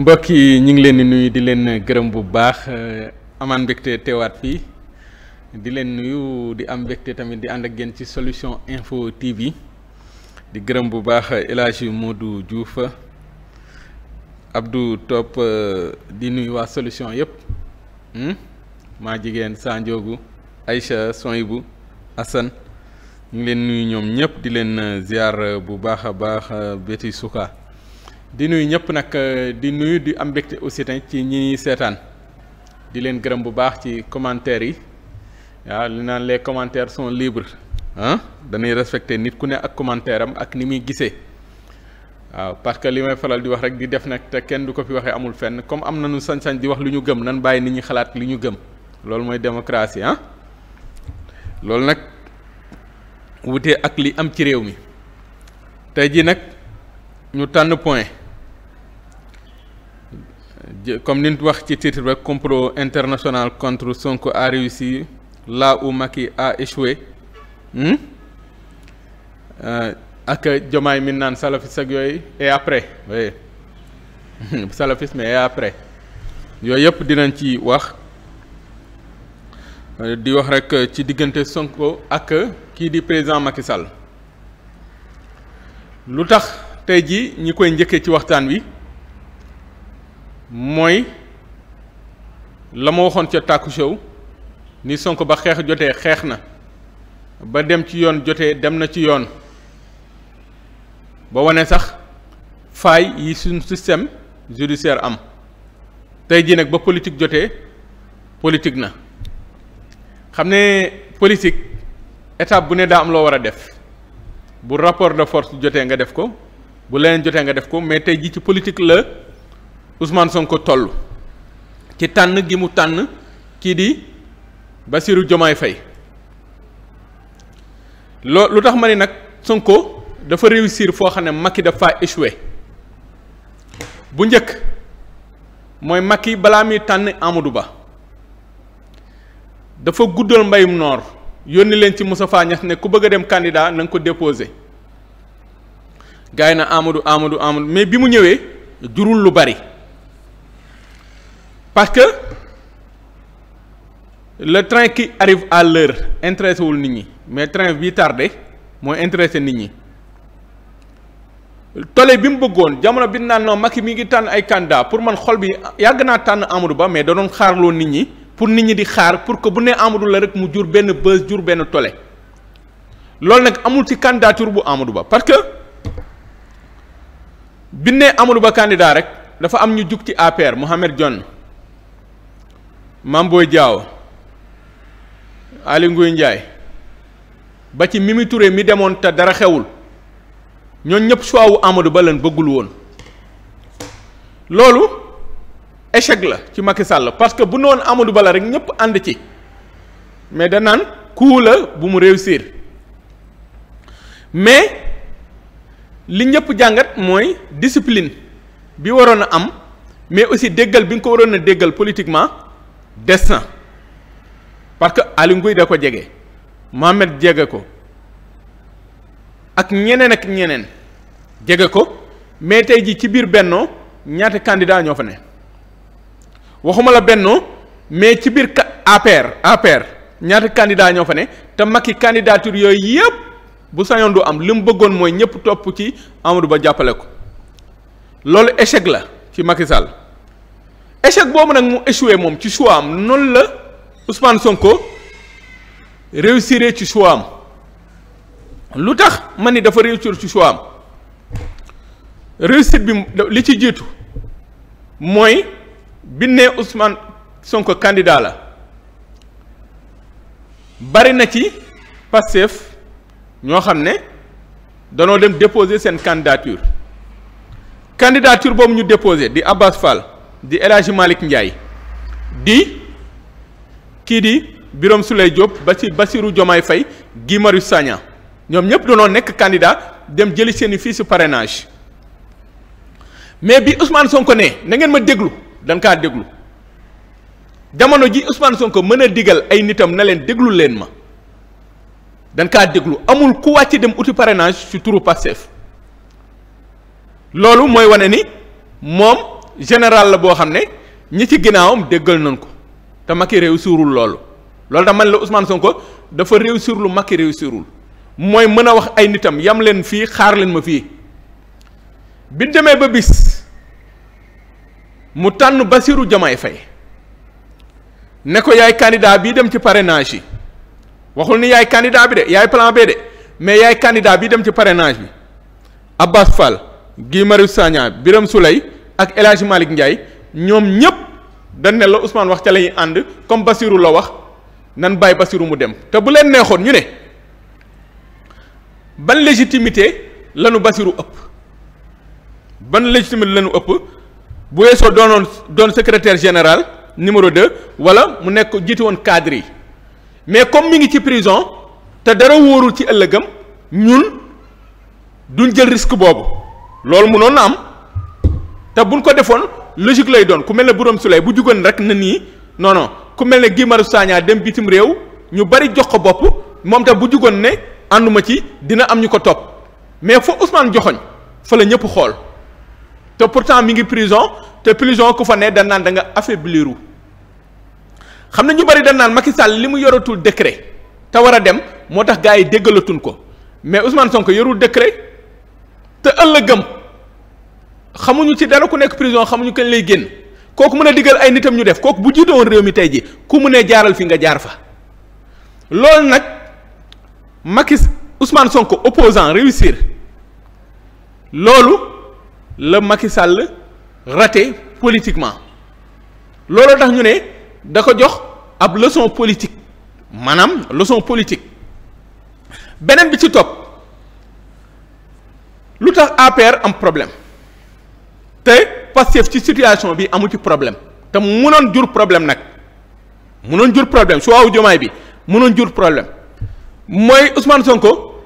mbokk yi ñu ngi leen di nuyu di leen gërëm bu baax euh, amaan mbégte teewaat fii di leen nuyu di am mbégte tamit di ànd ak yéen ci solution info TV di gërëm bu baax El Hadji Modou Diouf topp Top euh, di nuyu waa solution yëpp hmm? maa jigéen Sanjoogu Aïcha Soyibu Assane ñu ngi leen nuyu ñoom ñëpp di leen euh, ziar bu baax a baax Betty Souka di nuyu ñëpp nag euh, di nuyu di am mbégte aussi ci ñi seetaan di leen gërëm bu baax ci commentaires yi waaw li naan les commentaires sont libres ah dañuy respecter nit ku ne ak commentaire am ak ni muy gisee waaw parce que li may faral di wax rek di def nag te kenn du ko fi waxee amul fenn comme am nañu sañ-sañ di wax lu ñu gëm nan bàyyi nit ñi xalaat li ñu gëm loolu mooy démocratie ah loolu nag wutee ak li am ci réew mi tey ji nag. ñu tànn point comme ni ñu wax ci titre rek complot international contre Sonko a réussi là où Macky a hmm? euh, ak jomaay mi naan salafis ak yooyu et après oui salafisme et après yooyu yëpp dinañ ci wax euh, di wax rek ci diggante Sonko ak kii di président Macky Sall lu tax. tey jii ñi koy njëkkee ci waxtaan wi mooy la ma waxoon ca tàkku show ni Sonko ba xeex jotee xeex na ba dem ci yoon jotee dem na ci yoon ba wane sax faay yi suñ système judiciaire am tey jii nag ba politique jotee politique na xam ne politique étape bu ne daa am loo war a def bu rapport de force jotee nga def ko bu leneen jotee nga def ko mais tey jii ci politique la Ousmane Sonko toll ci tànn gi mu tànn kii di Bassirou Diomaye Faye loo lu tax ma ni nag Sonko dafa réussir foo xam ne Macky dafa échoué bu njëkk mooy Macky balaa muy tànn Amadou Ba dafa guddal mbayum noor yónni leen ci Moustapha Niasse ne ku bëgg dem candidat na nga ko déposé gars yi na Amadou Amadou Amadou mais bi mu ñëwee jurul lu bari parce que le train qui arrive à l'heure intéressé wul nit ñi mais train bi tardé mooy intéressé nit ñi tole bi mu bëggoon jamono bi naan non Macky mi ngi tànn ay kandaa pour man xol bi yàgg naa tànn Amadou Ba mais da doon xaarloo nit ñi pour nit ñi di xaar pour que bu nee Amadou la rek mu jur benn bës jur benn tole loolu nag amul ci candidature bu Amadou Ba parce que bi ne Amadou Ba candidat rek dafa am ñu jug ci APR Mohamed Dionne Mame Boye Diao Aly Ndiaye ba ci Mimi Touré mi demoon te dara xewul ñooñ ñëpp choix wu Amadou Ba leen bëggul woon loolu échec la ci Macky Sall parce que bu noon Amadou Ba la rek ñëpp ànd ci mais danaan coup la bu mu réussir mais. li ñëpp jàngat mooy disipline bi waroon a am mais aussi déggal bi nga ko waroon a déggal politiquement des na parce que Aliou Ngouye da ko jege Mohamed jege ko ak ñeneen ak ñeneen jege ko mais tey jii ci biir bennoo ñaata candidat ñoo fa ne waxuma la bennoo mais ci biir APR APR ñaata candidat ñoo fa ne te Macky candidature yooyu yëpp. bu sañoon du am li mu bëggoon mooy ñëpp topp ci Amadou Ba jàppale ko loolu échec la ci Macky Sall boobu nag mu échoué moom ci choix am noonu la Ousmane Sonko réussir ci choix am lu tax ma ni dafa réussir ci choix am réussite bi li ci jiitu mooy bi ne Ousmane Sonko candidat la bari na ci Pastef ñoo xam ne danoo dem déposer seen candidature candidature boobu ñu déposé di Abbas Fall di El Hadji Malick di kii di Birame Souleye Diop ba ci Bassirou Diomaye Faye Guy Marius Sagna ñoom ñëpp danoo nekk candidat dem jëli seen i fiches parrainage mais bi usmaan Sonko ne na ngeen ma déglu danga kaa déglu jamono ji Ousmane Sonko mën a digal ay nitam na leen déglu leen ma. dañ kaa déglu amul ku wàcc dem uti parrainage ci turu Pastef loolu mooy wane ni moom général la boo xam ne ñi ci ginnaawam déggal nañ ko te Macky réussirul loolu loolu tax man la Ousmane ko dafa réussir lu Macky réussirul mooy mën a wax ay nitam yam leen fii xaar leen ma fii bi demee ba bis mu tànn Bassirou Diomaye Faye ne ko yaay candidat bii dem ci parrainage yi waxul ni yaay candidat bi de yaay plan B de mais yaay candidat bi dem ci parrainage bi Abbas Fall Guy Marius Sagna Birame Souleye ak El Hadj Malick Ndiaye ñoom ñëpp dan ne la Ousmane wax ca la ànd comme Basirou la wax nan bàyyi Basirou mu dem te bu leen neexoon ñu ne ban légitimité lanu Basirou ëpp ban légitimité lanu ëpp bu weesoo doonoon doon secretaire général numéro 2 wala mu nekk jiitu woon cadre mais comme mi ngi ci prison te dara wóorul ci ëllëgam ñun duñ jël risque boobu loolu mënoon na am te buñ ko defoon logique lay doon ku mel ne Birame Souleye bu jugoon rek na nii non ku mel ne Guy Marius Sagna dem bitim réew ñu bari jox ko bopp moom tam bu jugoon ne ànduma ci dina am ñu ko topp mais fa Ousmane joxoñ fa la ñëpp xool te pourtant mi ngi prison te prison ku fa ne da naan da nga affaibliru xam na ñu bari dañ naan Macky Sall li mu yoratul décret te war a dem moo tax gars yi déggalatuñ ko mais Ousmane Sonko yorul décret te ëllëgëm xamuñu ci dara ku nekk prison xamuñu kañ lay génn kooku mën a digal ay nitam ñu def kooku bu jiite woon réew mi tey ji ku mu ne jaaral fi nga jaar fa loolu nag Macky Ousmane sonk opposant réussir loolu la Macky Sall raté politiquement looloo tax ñu ne. da ko jox ab leson politique maanaam leçon politique beneen bi ci topp lu tax APR am problème te Pastef ci situation bi amu ci problème te munoon jur problème nag munoon jur problème su waaw jomaay bi munoon jur problème mooy Ousmane Sonko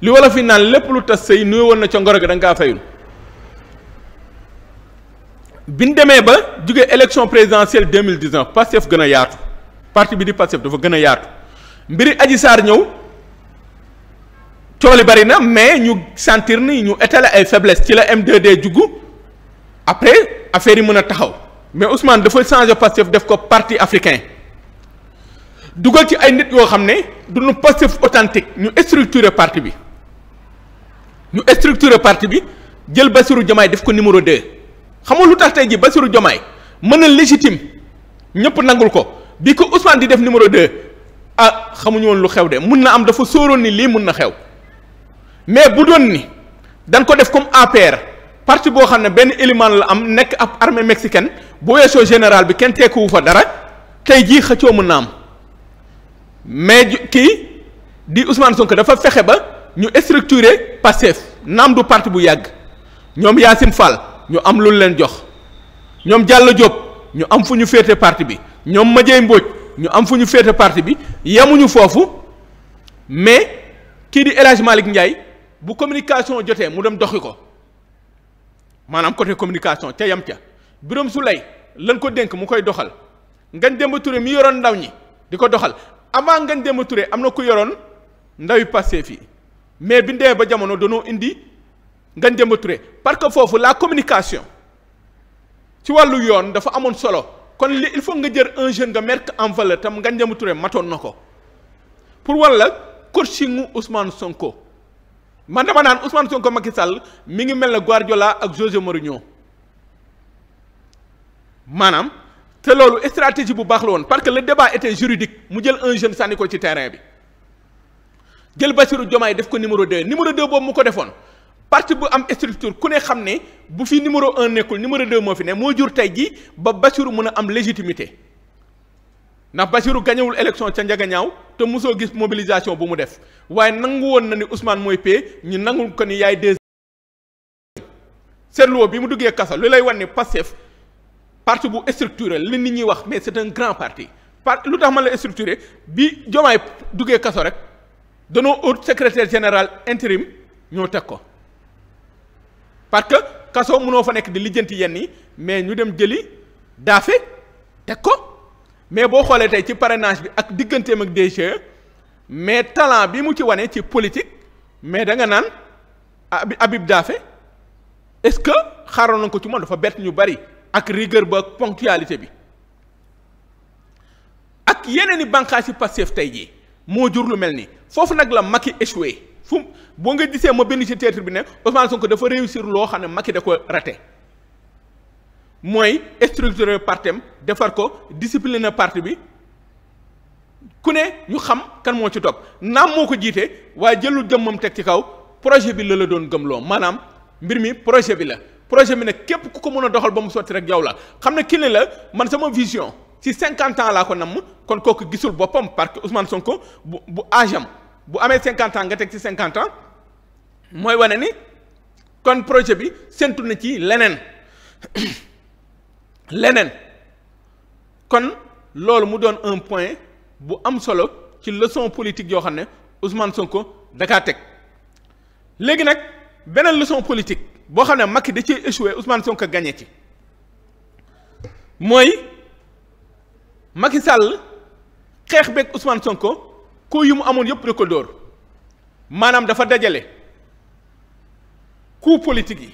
li wala fi naan lépp lu tas sëy nuyu woon na ca ngoro gi da nga kaa fayul. bi ñu demee ba jugee élection présidentielle deux mille dix-neuf Pastef gën a yaatu parti bi di Pastef dafa gën a yaatu mbiri Adji saar ñëw cooli bari na mais ñu sentir ni ñu étaler ay faiblesse ci la M2D juggu après affaire yi mën a taxaw mais Ousmane dafa changer Pastef def ko parti africain dugal ci ay nit yoo xam ne du duñu Pastef authentique ñu structuré partie bi ñu structuré parti bi jël Bassirou Diomaye def ko numéro deux xam nga lu tax tey jii Bassirou Diomaye mën na légitime ñëpp nangul ko bi ko Ousmane di def numéro 2 ah xamuñu woon lu xew de mun na am dafa sóoroon ni lii mun na xew mais bu doon ni dañ ko def comme APR parti boo xam ne benn élément la am nekk ab armée mexicaine bu weesoo général bi kenn tekkuwu fa dara tey jii xëccoo mën naam mais kii di Ousmane sonk dafa fexe ba ñu structuré Pastef naam du parti bu yàgg ñoom Yacine Fall. ñu am lu leen jox ñoom Diallo Diop ñu am fu ñu féete parti bi ñoom Madieye Mbodj ñu am fu ñu féete parti bi yemuñu foofu mais kii di El Hadj Malick bu communication jotee mu dem doxi ko maanaam côté communication ca yam ca Birame Souleye lan ko dénk mu koy doxal Ngagne Demba Touré mi yoroon ndaw ñi di ko doxal avant Ngagne Demba Touré am na ku yoroon ndawi Pastef fii mais bindee ba jamono danoo indi. Ngagne Demba Touré parce que foofu la communication ci wàllu yoon dafa amoon solo kon li il faut nga jël un jeune nga mettre en valeur tam Ngagne Demba matoon na ko pour wala coachingu Ousmane Sonko man dama naan Ousmane Sonko Macky Sall mi ngi mel ne Guardiola ak José Mourinho maanaam te loolu stratégie bu baax la woon parce que le débat était juridique mu jël un jeune sànni ko ci terrain bi jël Bassirou Diomaye def ko numéro de numéro 2 boobu mu ko defoon. parti bu am structure ku ne xam ne bu fi numéro un nekkul numéro deux moo fi ne moo jur tey jii ba Bassirou mën a am légitimité ndax Bassirou gañewul élection ca njagañaaw te mosoo gis mobilisation bu mu def waaye nangu woon na ni Ousmane mooy pee ñu nangul ko ni yaay des seetluwoo bi mu duggee kaso lu lay wan ne Pastef parti bu structuré li nit ñi wax mais c'est un grand parti par lu tax man la bi Diomaye duggee kaso rek danoo haut secrétaire général intérim ñoo teg ko parce que kaso mënoo fa nekk di lijjanti yenn yi mais ñu dem jëli daafe teg ko mais boo xoolee tey ci parrainage bi ak digganteem ak DG mais talent bi mu ci wane ci politique mais da nga naan Habib Daffé est-ce que xaaroon nañ ko ci moom dafa bett ñu bari ak rigueur ba ak bi ak yeneen i bànqaas yi tey jii moo jur lu mel ni foofu nag la Macky échoué. fu boo nga gisee ma bind ci titre bi ne Ousmane Sonko dafa réussir loo xam ne ki da ko raté mooy structurer partem defar ko discipliner parti bi ku ne ñu xam kan moo ci topp naam moo ko jiite waaye jëlul jëmmam teg ci kaw projet bi la la doon gëmloo maanaam mbir mi projet bi la projet bi nag képp ku ko mën a doxal ba mu sotti rek yow la xam ne ki ne la man sama vision ci cinquante ans laa ko namm kon kooku gisul boppam parce que Ousmane Sonko bu bu âge bu amee cinquante ans nga teg ci cinquante mooy wane ni kon projet bi séntu na ci leneen leneen kon loolu mu doon un point bu am solo ci leçon politique yoo xam ne Ousmane Sonko dakaa teg léegi nag beneen leçon politique boo xam ne Macky da ciy échoué Ousmane Sonko gagné ci mooy Macky Sall xeex beeg Ousmane Sonko. coup yi mu amoon yëpp da ko dóor maanaam dafa dajale coup politique yi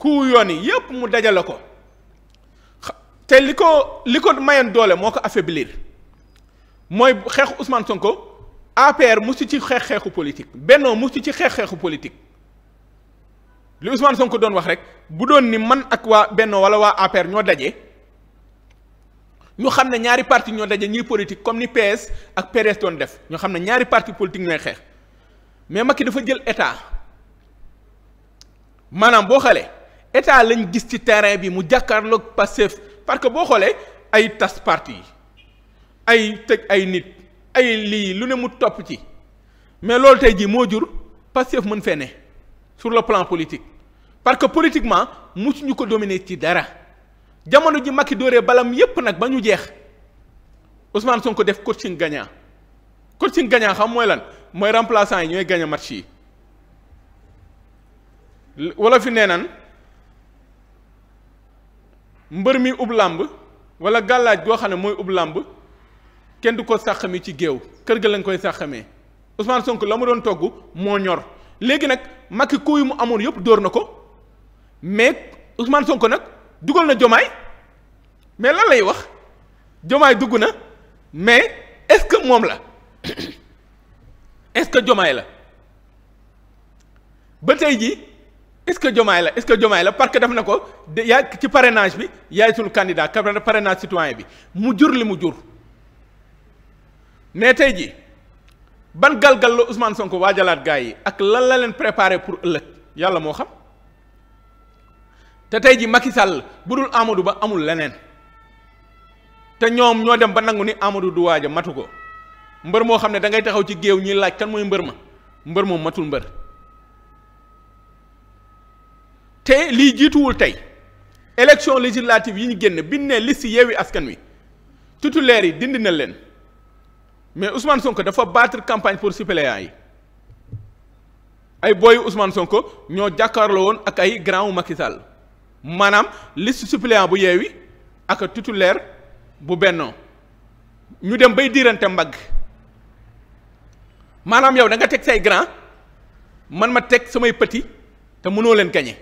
coup yoon yi yëpp mu dajale ko te li ko li ko mayoon doole moo ko affaiblir mooy xeexu Ousmane ko APR musu ci xeex xeexu politique Benno musu ci xeex xeexu politique li son ko doon wax rek bu doon ni man ak waa Benno wala waa APR ñoo daje. ñu xam ne ñaari parti ñoo daje ñuy politique comme ni PS ak PDS doon def ñoo xam ne ñaari parti politique ñooy xeex mais Macky dafa jël état maanaam boo xoolee état lañ gis ci terrain bi mu jàkkaarloog Pastef parce que boo xoolee ay tas parti yi ay tëj ay nit ay lii lu ne mu topp ci mais loolu tey jii moo jur Pastef mën fee ne sur le plan politique parce que politiquement ñu ko dominer ci dara. jamono ji Macky dóoree balam yépp nag ba ñu jeex Ousmane sonk def coaching gagnant coaching gagnant xam mooy lan mooy remplaçant yi ñooy gagné match yi wala fi nee nan mbër mi ub làmb wala gàllaaj goo xam ne mooy ub làmb kenn du ko sàqami ci géew kër ga lañ koy sàqamee Ousmane sonk la mu doon togg moo ñor léegi nag Macky kuy mu amoon yëpp dóor na ko mais Ousmane Sonko nag dugal na jomaay mais lan lay wax jomaay dugg na mais est-ce que moom la est-ce que jomaay la ba tey jii est-ce que jomaay la est-ce que jomaay la parce que def na ko yaa ci parrainage bi yaay sul candidat ka parrainage citoyen bi mu jur li mu jur mais tey ji ban galgal la Ousmane Sonko waajalaat gars yi ak lan la leen préparé pour ëllëg yàlla moo xam. te tey ji Macky Sall bu dul amadu Ba amul leneen te ñoom ñoo dem ba nangu ni amadu du waaja matu ko mbër moo xam ne dangay ngay taxaw ci géew ñuy laaj kan mooy mbër ma mbër moom matul mbër te lii jiituwul tey élection législative yi ñu génn biñ ne liste Yewwi Askan Wi titulaire yi dindi na leen mais Ousmane Sonko dafa battre campagne pour suppléants yi ay booyu Ousmane Sonko ñoo jàkkaarloo woon ak ay grand Macky maanaam liste suppléant bu yeewi ak titulaire bu bennoo ñu dem bay diirante mbagg maanaam yow da nga teg say grand man ma teg samay petit te mënoo leen gañe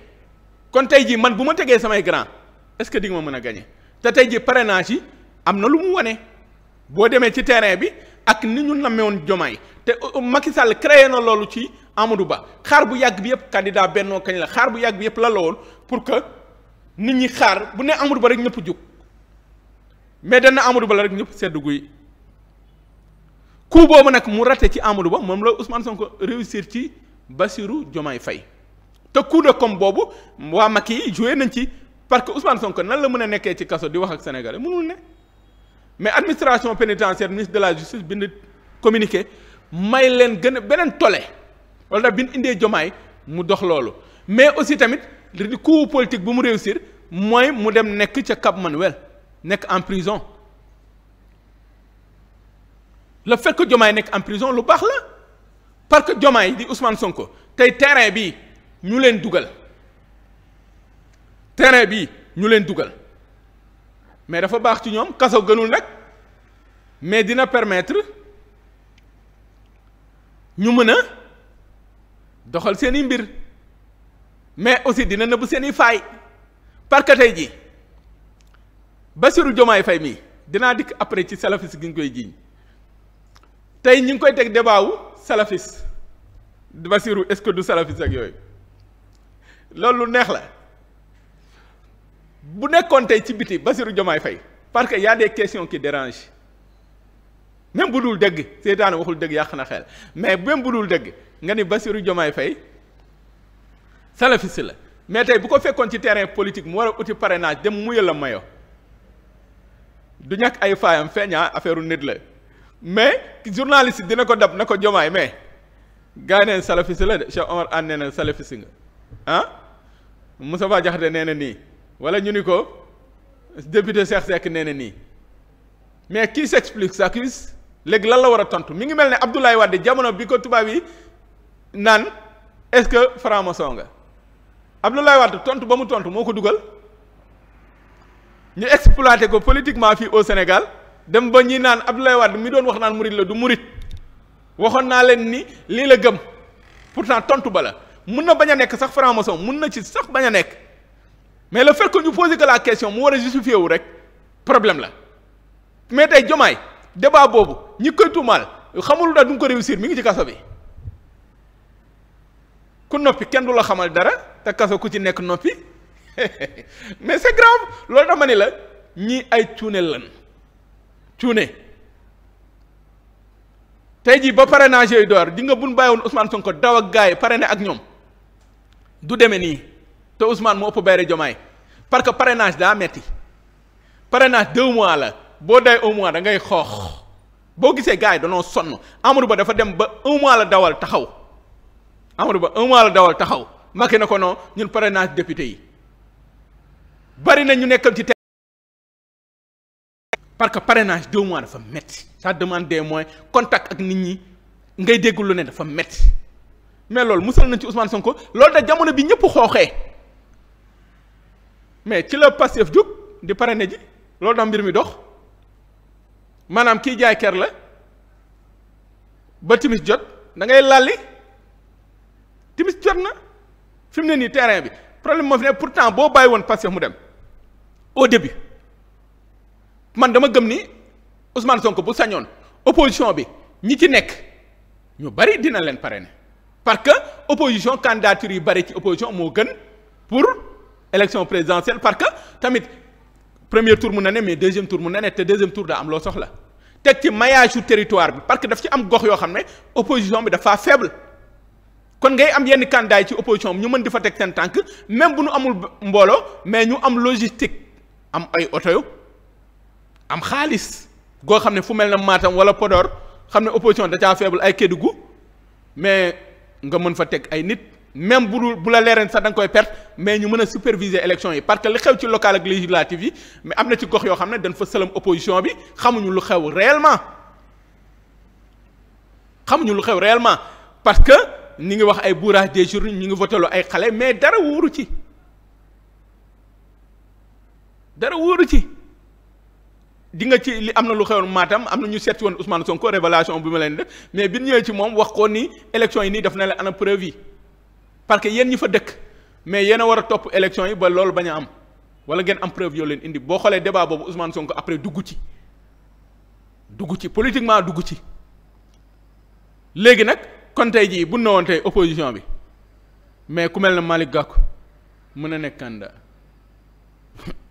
kon tey jii man bu ma tegee samay grand est-ce que di ma mën a gañe te tey jii naa yi am na lu mu wane boo demee ci terrain bi ak ni ñu namewoon jomaay te euh, euh, Macky Sall créé na loolu ci Amadou Ba xaar bu yàgg bi yëpp candidat bennoo kañ la xaar bu yàgg bi yëpp la la woon pour que. nit ñi xaar bu ne Amadou Ba rek ñëpp jóg mais dana Amadou Ba la rek ñëpp sedd guy coup boobu nag mu raté ci Amadou Ba moom la usman Sonko réussir ci bassiru Diomaye Faye te coup de com boobu waa Macky yi joué nañ ci parce que Ousmane sonk nan la mën a nekkee ci kaso di wax ak sénégalais mënul ne mais administration pénitentiaire ministre de la justice bind communiqué may leen gën a beneen tole wala bin indee Diomaye mu dox loolu mais aussi tamit. li coup politique bu mu réussir mooy mu dem nekk ca Cap Manuel nekk en prison le fait que Diomaye nekk en prison lu baax la parce que Diomaye di Ousmane Sonko tey terrain bi ñu leen dugal terrain bi ñu leen dugal mais dafa baax ci ñoom kaso gënul rek mais dina permettre ñu mën a doxal seeni mbir mais aussi dina nëbb seen i faay parce que tey jii Bassirou Diomaye Faye mii dinaa dikk après ci salafis gi ñu koy jiiñ tey ñu ngi koy teg débat wu salafis Bassirou est-ce que du salafis ak yooyu loolu neex la bu nekkoon tey ci biti Bassirou Diomaye fay parce que y a des questions qui dérangent même bu dul dëgg seytaane waxul dëgg yàq na xel mais même bu dul dëgg nga ni Bassirou Diomaye fay salafiste la mais tey bu ko fekkoon ci terrain politique mu war a uti parrainage dem muyal la mayo du ñàkk ay faayam feeñaa ah, affaire nit la mais journaliste dina ko dab na ko jomaay mais gars yi neen salafiste la de Cheikh Omar Anne nee na nga ah Moussa Ba Jaxate nee na nii wala ñu ni ko député Cheikh Seck nee na nii mais qui sa s'accuse léegi lan la war a tontu mi ngi mel ni Abdoulaye Wade jamono bi ko tubaab yi naan est-ce que franc nga Abdoulaye Wade tontu ba mu tontu moo ko dugal ñu exploité ko politiquement fii au Sénégal dem ba ñi naan Abdoulaye Wade mi doon wax naan murit la du murit waxoon naa leen ni lii la gëm pourtant tontu ba la mun na bañ a nekk sax franc-maçon mun na ci sax bañ a nekk mais le fait que ñu posé que la question mu war a justifié wu rek problème la mais tey jomaay débat boobu ñi koy tuumaal xamul da du ko réussir mi ngi ci kaso bi. ku noppi kenn du la xamal dara te kaso ku ci nekk noppi mais c'est grave loolu dama ni la ñii ay cuune lan cuune tey jii ba parrainage yooyu door di nga bun bàyyi woon Ousmane ko daw ak gars pare ne ak ñoom du demee nii te Ousmane moo ëpp bayre jomaay parce que parrainage daa metti parrainage deux mois la boo day au mois da ngay xoox boo gisee gars yi danoo sonn Amadou Ba dafa dem ba un mois la dawal taxaw Amadou Ba un dawal taxaw Macky na ko non ñun parrainage député yi bari na ñu nekkal ci. parce que pare deux mois dafa métti ça demande des moyens contact ak nit ñi ngay dégg ne dafa métti mais loolu musal nañ ci Ousmane Sonko loolu da jamono bi ñëpp xooxee mais ci la Pastef jóg di parrainé ji loolu da mbir mi dox maanaam kii jaay ker la ba timis jot da lalli timis jot na fi mu ne nii terrain bi problème moo fi ne pourtant boo bàyyi woon Pastef mu dem au bi man dama gëm ni Ousmane ko bu sañoon opposition bi ñi ci nekk ñu bari dina leen parrainer par que opposition candidature yi bari ci opposition moo gën pour élection présidentielle parce que tamit premier tour mun na ne mais deuxième tour mun na ne te deuxième tour daa am loo soxla teg ci maillage su territoire bi parce que daf ci am gox yoo xam ne opposition bi dafa faible. kon ngay am yenn candidat yi ci opposition ñu mën di fa teg seen tànk même bu ñu amul mbooloo mais ñu am logistique am ay oto yu am xaalis goo xam ne fu mel na Matam wala Podor xam ne opposition da caa faible ay Kédougou mais nga mën fa teg ay nit même bu dul bu la leereen sax da koy perte mais ñu mën a superviser élection yi parce que li xew ci local ak législative yi mais am na ci gox yoo xam ne dañ fa sëlam opposition bi xamuñu lu xew réellement xamuñu lu xew réellement ni ngi wax ay bourrage des urnes ñu ngi voteloo ay xale mais dara wóoru ci dara wóoru ci di nga ci li am na lu xewoon maatam am na ñu seet woon Ousmane Sonko révélation bi ma leen def mais bi ñëwee ci moom wax ko ni élection yi nii def na la ana preuve yi parce que yéen ñi fa dëkk mais yéen a war a topp élection yi ba loolu bañ a am wala gen am preuve yoo leen indi boo xoolee débat boobu Ousmane Sonko après dugg ci dugg ci politiquement dugg ci léegi nag. kon tey jii bu ne woon tey opposition bi mais ku mel ne Malick Gakou mën nekk candidat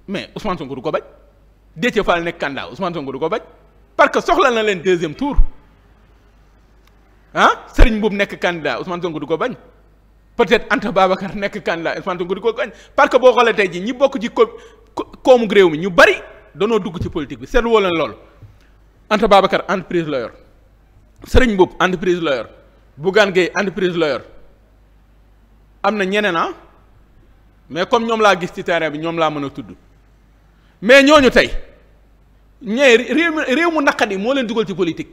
mais Ousmane Sonko du ko bañ Déthié Fall nekk candidat Ousmane Sonko du ko bañ parce que soxla na leen deuxième tour ah Serigne Mboup nekk candidat Ousmane Sonko du ko bañ peut-être Anta Babacar nekk candidat Ousmane Sonko du ko bañ parce que boo xoolee tey jii ñi bokk ci koomu réew mi ñu bari danoo dugg ci politique bi seetlu woo leen loolu Anta Babacar entreprise la yor Serigne Mboup entreprise la bu Bougane Gueye entreprise la yor am na ñeneen ah mais comme ñoom laa gis ci terrain bi ñoom laa mën a tudd mais ñooñu tey ñee réew mi réew mu yi moo leen dugal ci politique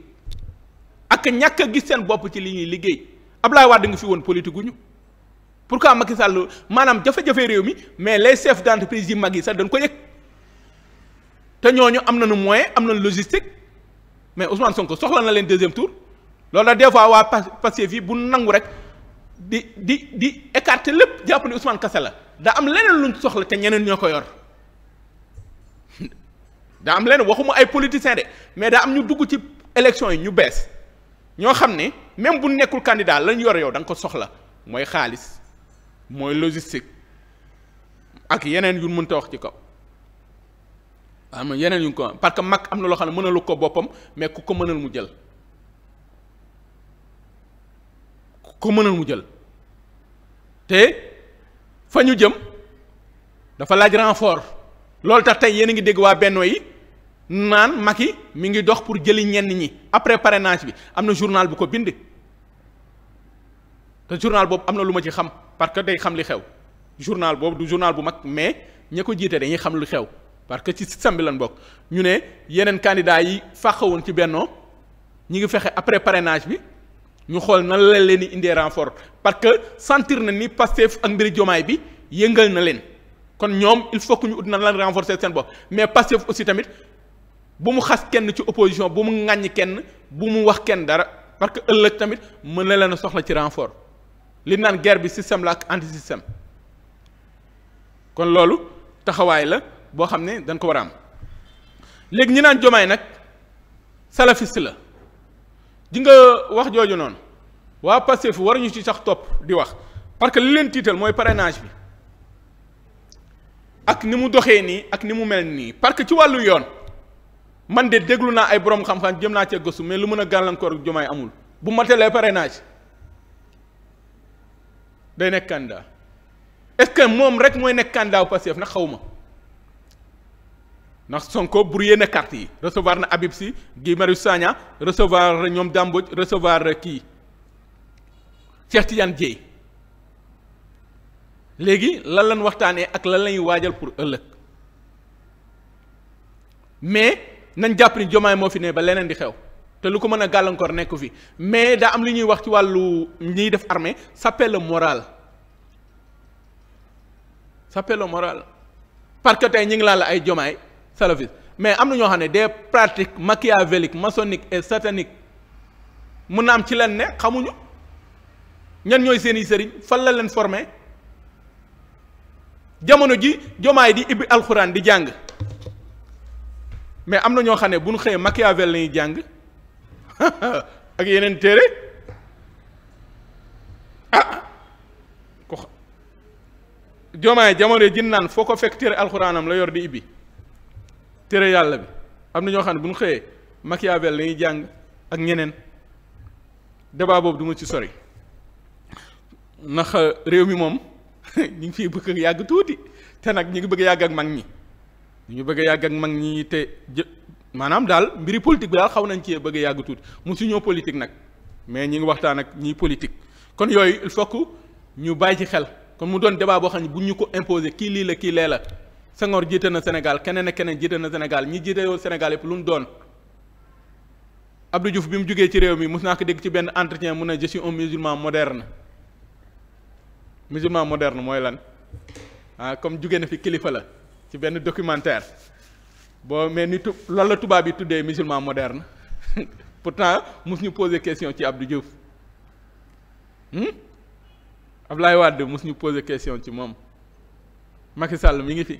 ak ñàkk a gis seen bopp ci li ñuy liggéey Ablaye Wade nga fi woon politique gu ñu pourquoi Macky Sall maanaam jafe-jafe réew mi mais les chefs d'entreprise yi mag yi sax dañ ko yëg te ñooñu am na nañu moyen am nañu logistique mais Ousmane Sonko soxla na leen deuxième tour. loolu la des fois waa Pastef yi bu nangu rek di di di écarter lépp jàpp ne Ousmane Kase la daa am leneen luñ soxla te ñeneen ñoo ko yor daa am leneen waxuma ay politiciens de mais daa am ñu dugg ci élection yi ñu bees ñoo xam ne même bu nekkul candidat lañ yor yow da nga ko soxla mooy xaalis mooy logistique ak yeneen yu mënta wax ci kaw am yeneen yu ko parce que mag am na loo xam ne mënalu ko boppam mais ku ko mënal mu jël. ko mënal mu jël te fa ñu jëm dafa laaj renfort loolu tax tey yéen a ngi dégg waa Benno yi naan yi mi ngi dox pour jëli ñenn ñi après parrainage bi am na journal bu ko bind te journal boobu am na lu ma ci xam parce que day xam li xew journal boobu du journal bu mag mais ña ko jiite dañuy xam lu xew parce que ci système bi lan bokk ñu ne yeneen candidats yi fàqawoon ci bennoo ñi ngi fexe après parenage bi ñu xool nan la leen di indee renfort parce que sentir na ni Pastef ak mbiri jomaay bi yëngal na leen kon ñoom il faut ñu ut nan lan renforcer seen bopp mais Pastef aussi tamit bu mu xas kenn ci opposition bu mu ŋàññ kenn bu mu wax kenn dara parce que ëllëg tamit mën na leen a soxla ci renfort li naan guerre bi système la ak anti système kon loolu taxawaay la boo xam ne dañ ko war a am léegi ñu naan jomaay nag salafiste la. di nga wax jooju noonu waa Pastef waruñu ci sax topp di wax parce que li leen tiital mooy parrainage bi ak ni mu doxee nii ak ni mu mel nii parce que ci wàllu yoon man de déglu naa ay borom xam-xam jëm naa cee gëstu mais lu mën a gàllankoor jumaay amul bu ma matalee parrainage day nekk candidat est-ce que moom rek mooy nekk candidat Pastef nag xaw ma ndax Sonko brouillé na carte yi recevoir na Habib Sy Guy Marius Sagna recevoir ñoom Dame Mbodj recevoir kii Cheikh Tidiane Dièye léegi lan lañ waxtaanee ak lan lañuy waajal pour ëllëg mais nañ jàpp ni jomaay moo fi ne ba leneen di xew te lu ko mën a gàllankoor nekku fi mais daa am li ñuy wax ci wàllu ñiy def armée s'appelle le moral s'appelle le moral parce que tey ñu ngi laan la ay jomaay salafiste mais am na ñoo xam ne des pratiques machiavéliques maçonniques et sataniques mu na ci leen ne xamuñu ñan ñooy seeni sëriñ fan la leen formé jamono ji jomaay di ibbi alxuraan di jàng mais am na ñoo xam ne bu ñu xëyee Machiavel lañuy jàng ak yeneen téere ah ko jomaay jamono ji naan foo ko fekk téere alxuraanam la yor di ibbi tere yàlla bi am na ñoo xam ne bu ñu xëyee Machiavel lañuy jàng ak ñeneen débat boobu duma ci sori ndax réew mi moom ñu ngi fiy bëgg yàgg tuuti te nag ñu ngi bëgg yàgg ak mag ñi ñu bëgg yàgg ak mag ñi te jë maanaam daal mbiri politique bi daal xaw nañ cee bëgg yàgg tuuti mu si ñoo politique nag mais ñu ngi waxtaan ak ñii politique kon yooyu il ñu bàyyi ci xel kon mu doon débat boo xam ne bu ñu ko imposer kii lii la kii lee la Senghor jiite na Sénégal keneen ak keneen jiite na Sénégal ñi jiite yow Sénégal yëpp lu mu doon Abdou Diouf bi mu jógee ci réew mi mos naa ko dégg ci benn entretien mun ne je suis un musulman moderne musulman moderne mooy lan ah comme jóge na fi kilifa la ci benn documentaire boo mais ni tu loolu la tubaab yi tuddee musulman moderne pourtant mos ñu poser question ci Abdou Diouf hmm? Ablaye Wade mos ñu poser question ci moom Macky Sall mi ngi fi.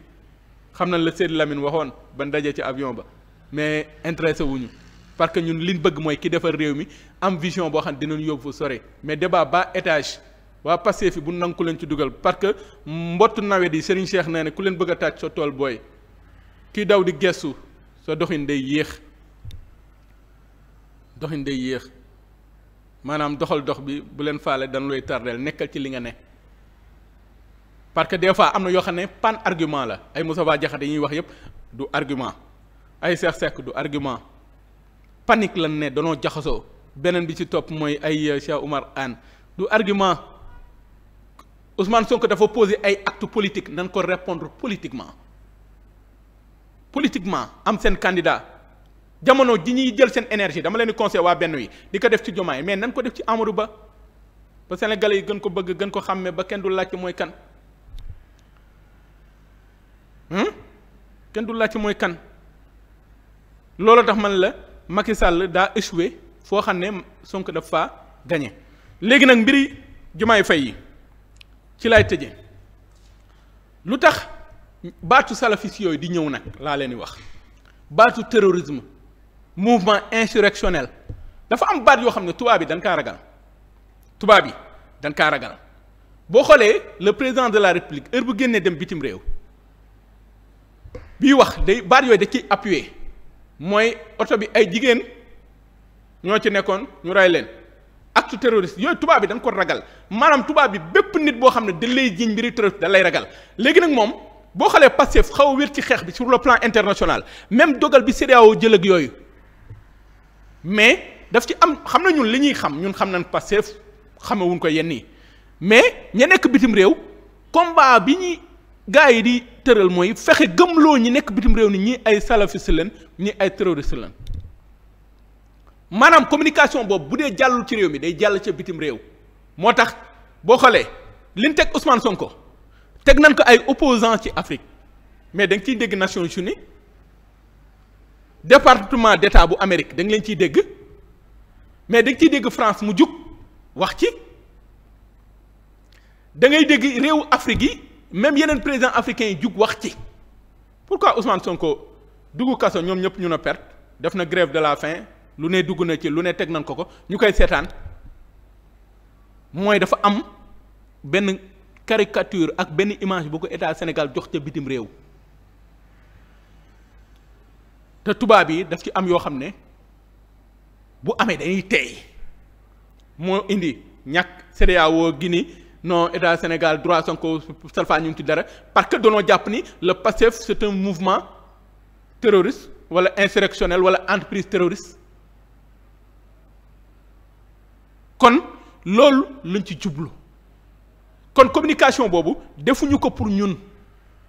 xam nañ la Seydou Lamine waxoon ba ndaje ci avion ba mais intéressé wuñu parce que ñun liñ bëgg mooy ki defar réew mi am vision boo xam ne dinañ yóbbu fa sore mais débat bas étage waa passé fi bu nangu ku leen ci dugal parce que mbottu nawet yi Serigne Cheikh nee na ku leen bëgg a taaj sa tool booy kii daw di gestu sa doxin day yéex doxin day yéex maanaam doxal dox bi bu leen faale dañ looy tardeel nekkal ci li nga ne parce que des fois am na yoo xam ne pan argument la ay Moustapha Diakhaté yi ñuy wax yëpp du argument ay Cheikh Seck du argument panique la ne danoo jaxasoo beneen bi ci topp mooy ay euh, Cheikh Oumar Anne du argument Ousmane Sonko dafa poser ay acte politique nan ko répondre politiquement politiquement am seen candidat jamono ji ñuy jël seen énergie dama leen di conseil waa benn wi di ko def ci Diomaye mais nan ko def ci Amadou Ba ba Sénégalais yi gën ko bëgg gën ko xàmme ba kenn du laajte mooy kan hum kenn du laajte mooy kan loolu tax man la Macky daa échoué foo xam ne sonk daf faa gagné léegi nag mbiri Diomaye fay yi ci laay tëje lu tax baatu salafis yooyu di ñëw nag laa leen di wax baatu terrorisme mouvement insurrectionnel dafa am baat yoo xam ne tubaab yi dañ kaa ragal tubaab yi dañ kaa ragal boo xoolee le président de la république heure bu génnee dem bitim réew. bii wax day baat yooyu da ciy appuyer mooy oto bi ay jigéen ñoo ci nekkoon ñu rey leen acte terroriste yooyu tubaab bi dañ ko ragal maanaam tubaab bi bépp nit boo xam ne da lay jiñ mbiri terroriste da lay ragal léegi nag moom boo xalee Pastef xaw a wér ci xeex bi sur le plan international même dogal bi CEDEAO jël ak yooyu mais daf ci am xam na ñun li ñuy xam ñun xam nañ Pastef wuñ ko yenn yi mais ña nekk bitim réew combat bi ñuy gars yi di. tëral mooy fexe gëmloo ñi nekk bitim réew ni ñi ay salafiste leen ñi ay terroriste leen maanaam communication boobu bu dee jàllul ci réew mi day jàll ca bitim réew moo tax boo xoolee liñ teg Ousmane Sonko teg nañ ko ay opposants ci Afrique mais da nga ciy dégg Nations Unies département d'État bu Amérique danga leen ciy dégg mais da ciy dégg France mu jug wax ci da ngay dégg réewu Afrique yi. même yeneen président africain yi jug wax ci pourquoi Ousmane Sonko dugg kaso ñoom ñëpp ñu na perte def na grève de la fin lu ne dugg na ci lu ne teg nañ ko ko ñu koy seetaan mooy dafa am benn caricature ak benn image bu ko état Sénégal jox ca bitim réew te tubaab yi daf ci am yoo xam ne bu amee dañuy teey moo indi ñàkk CEDEAO Guinée non état Sénégal droit Sonko salfaa ñu ngi ci dara parce que danoo jàpp ni le Pastef c'est un mouvement terroriste wala insurrectionnel wala entreprise terroriste kon loolu lañ ci jublu kon communication boobu defuñu ko pour ñun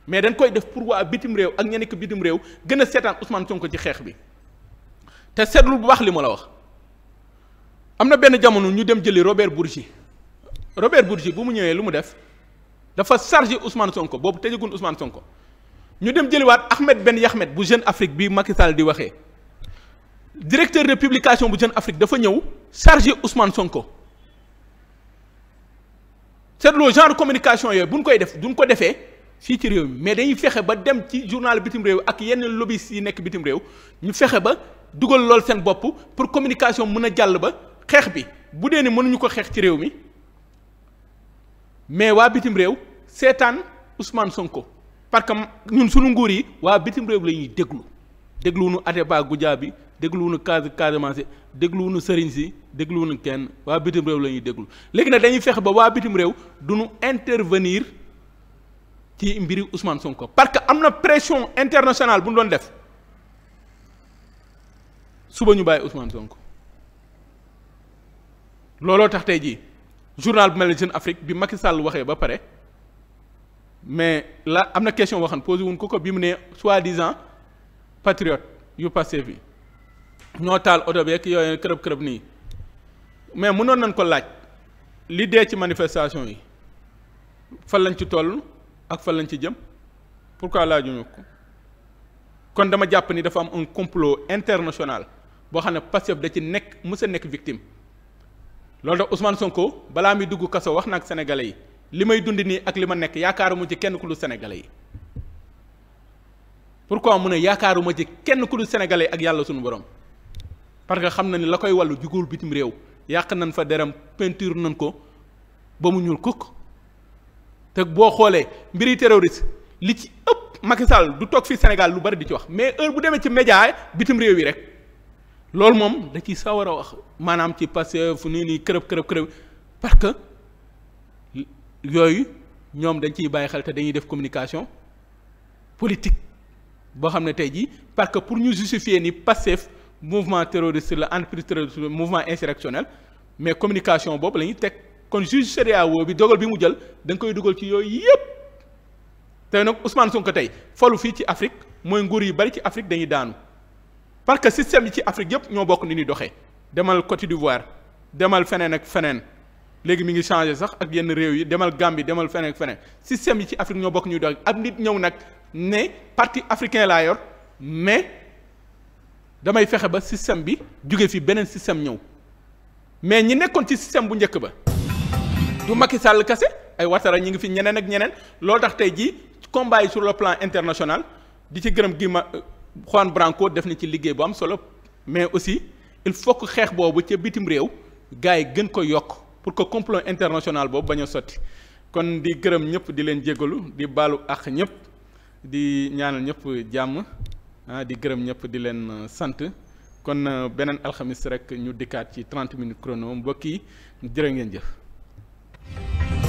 mais dañ koy def pour waa bitim réew ak ñeneen ko bitim réew gën a seetaan Ousmane ko ci xeex bi te seetlu bu baax li ma la wax am na benn jamono ñu dem jëli Robert Bourgi Robert Bourgi bu mu ñëwee lu mu def dafa chargé Ousmane Sonko boobu tëjagun Ousmane Sonko ñu dem jëliwaat Ahmed Ben Yahmed bu Jeune Afrique bi Macky Sall di waxee directeur de publication bu Jeune Afrique dafa ñëw chargé Ousmane Sonko seetloo genre communication yooyu bu ñu koy def duñ ko defee fii ci réew mi mais dañuy fexe ba dem ci journal bitim réew ak yenn lobby yi nekk bitim réew ñu fexe ba dugal lool seen bopp pour communication mën a jàll ba xeex bi bu dee mënuñu ko xeex ci réew mi. mais waa bitim réew seetaan Ousmane Sonko parce que ñun suñu nguur yi waa bitim réew la ñuy déglu dégluwunu Atepa Goudiaby dégluwunu Cas Casamance dégluwunu sëriñ si dégluwunu kenn waa bitim réew la ñuy déglu léegi nag dañuy fexe ba waa bitim réew du ñu intervenir ci mbiri Ousmane Sonko parce que am na pression internationale bu ñu doon def suba ñu bàyyi Ousmane Sonko looloo tax tey jii. journal bu mel ne Jeune Afrique bi Macky Sall waxee ba pare mais la am na question boo xam ne posé wuñ ko ko bi mu ne soi-disant patriote yu passé bi ñoo taal oto beeg yooyu kërëb kërëb nii mais munoon nañ ko laaj li dee ci manifestation yi fan lañ ci toll ak fan lañ ci jëm pourquoi laajuñu ko kon dama jàpp ni dafa am un complot international boo xam ne Pastef da ci nekk mës a nekk victime. loolu tax Ousmane Sonko balaa muy dugg kaso wax na ak sénégalais yi li may dund nii ak li ma nekk yaakaaruma ci kenn ku dul pour ko pourquoi mu ne yaakaaruma ci kenn kulul dul sénégalais ak yàlla suñu borom parce que xam na ni la koy wàllu jugul bitim réew yàq nañ fa deram peinture nañ ko ba mu ñuul kukk teg boo xoolee mbiri terroriste li ci ëpp Macky Sall du toog fii Sénégal lu bari di ci wax mais heure bu demee ci média bitim réew yi rek loolu moom da ci sawar a wax maanaam ci passé fu nii nii kërëb kërëb kërëb parce que yooyu ñoom dañ ciy bàyyi xel te dañuy def communication politique boo xam ne tey jii parce que pour ñu justifier ni Pastef mouvement terroriste la entreprise terroriste mouvement insurrectionnel mais communication boobu lañuy teg kon juge CEDEAO bi dogal bi mu jël da koy dugal ci yooyu yépp te nag Ousmane Sonko tey falu fii ci Afrique mooy nguur yi bari ci Afrique dañuy daanu. parce que système yi ci Afrique yëpp ñoo bokk ni ñuy doxee demal Côte d'Ivoire demal feneen ak feneen léegi mi ngi changé sax ak yenn réew yi demal Gambie demal feneen ak feneen système yi ci Afrique ñoo bokk ñuy doxee ak nit ñëw nag ne parti africain laa yor mais damay fexe ba système bi jóge fi beneen système ñëw mais ñi nekkoon ci système bu njëkk ba du Macky Sall kese ay Ouattara ñi ngi fi ñeneen ak ñeneen loo tax tey ji combat yi sur le plan international di ci gërëm gi ma Juan Branco def na ci liggéey bu am solo mais aussi il faut que xeex boobu ca bitim réew gars yi gën ko yokk pour que complot international boobu bañoo a sotti kon di gërëm ñëpp di leen jégalu di baalu ak ñëpp di ñaanal ñëpp jàmm ah di gërëm ñëpp di leen sant kon euh, beneen alxamis rek ñu dikkaat ci 30 minutes chrono mbokk yi jërë ngeen jëf.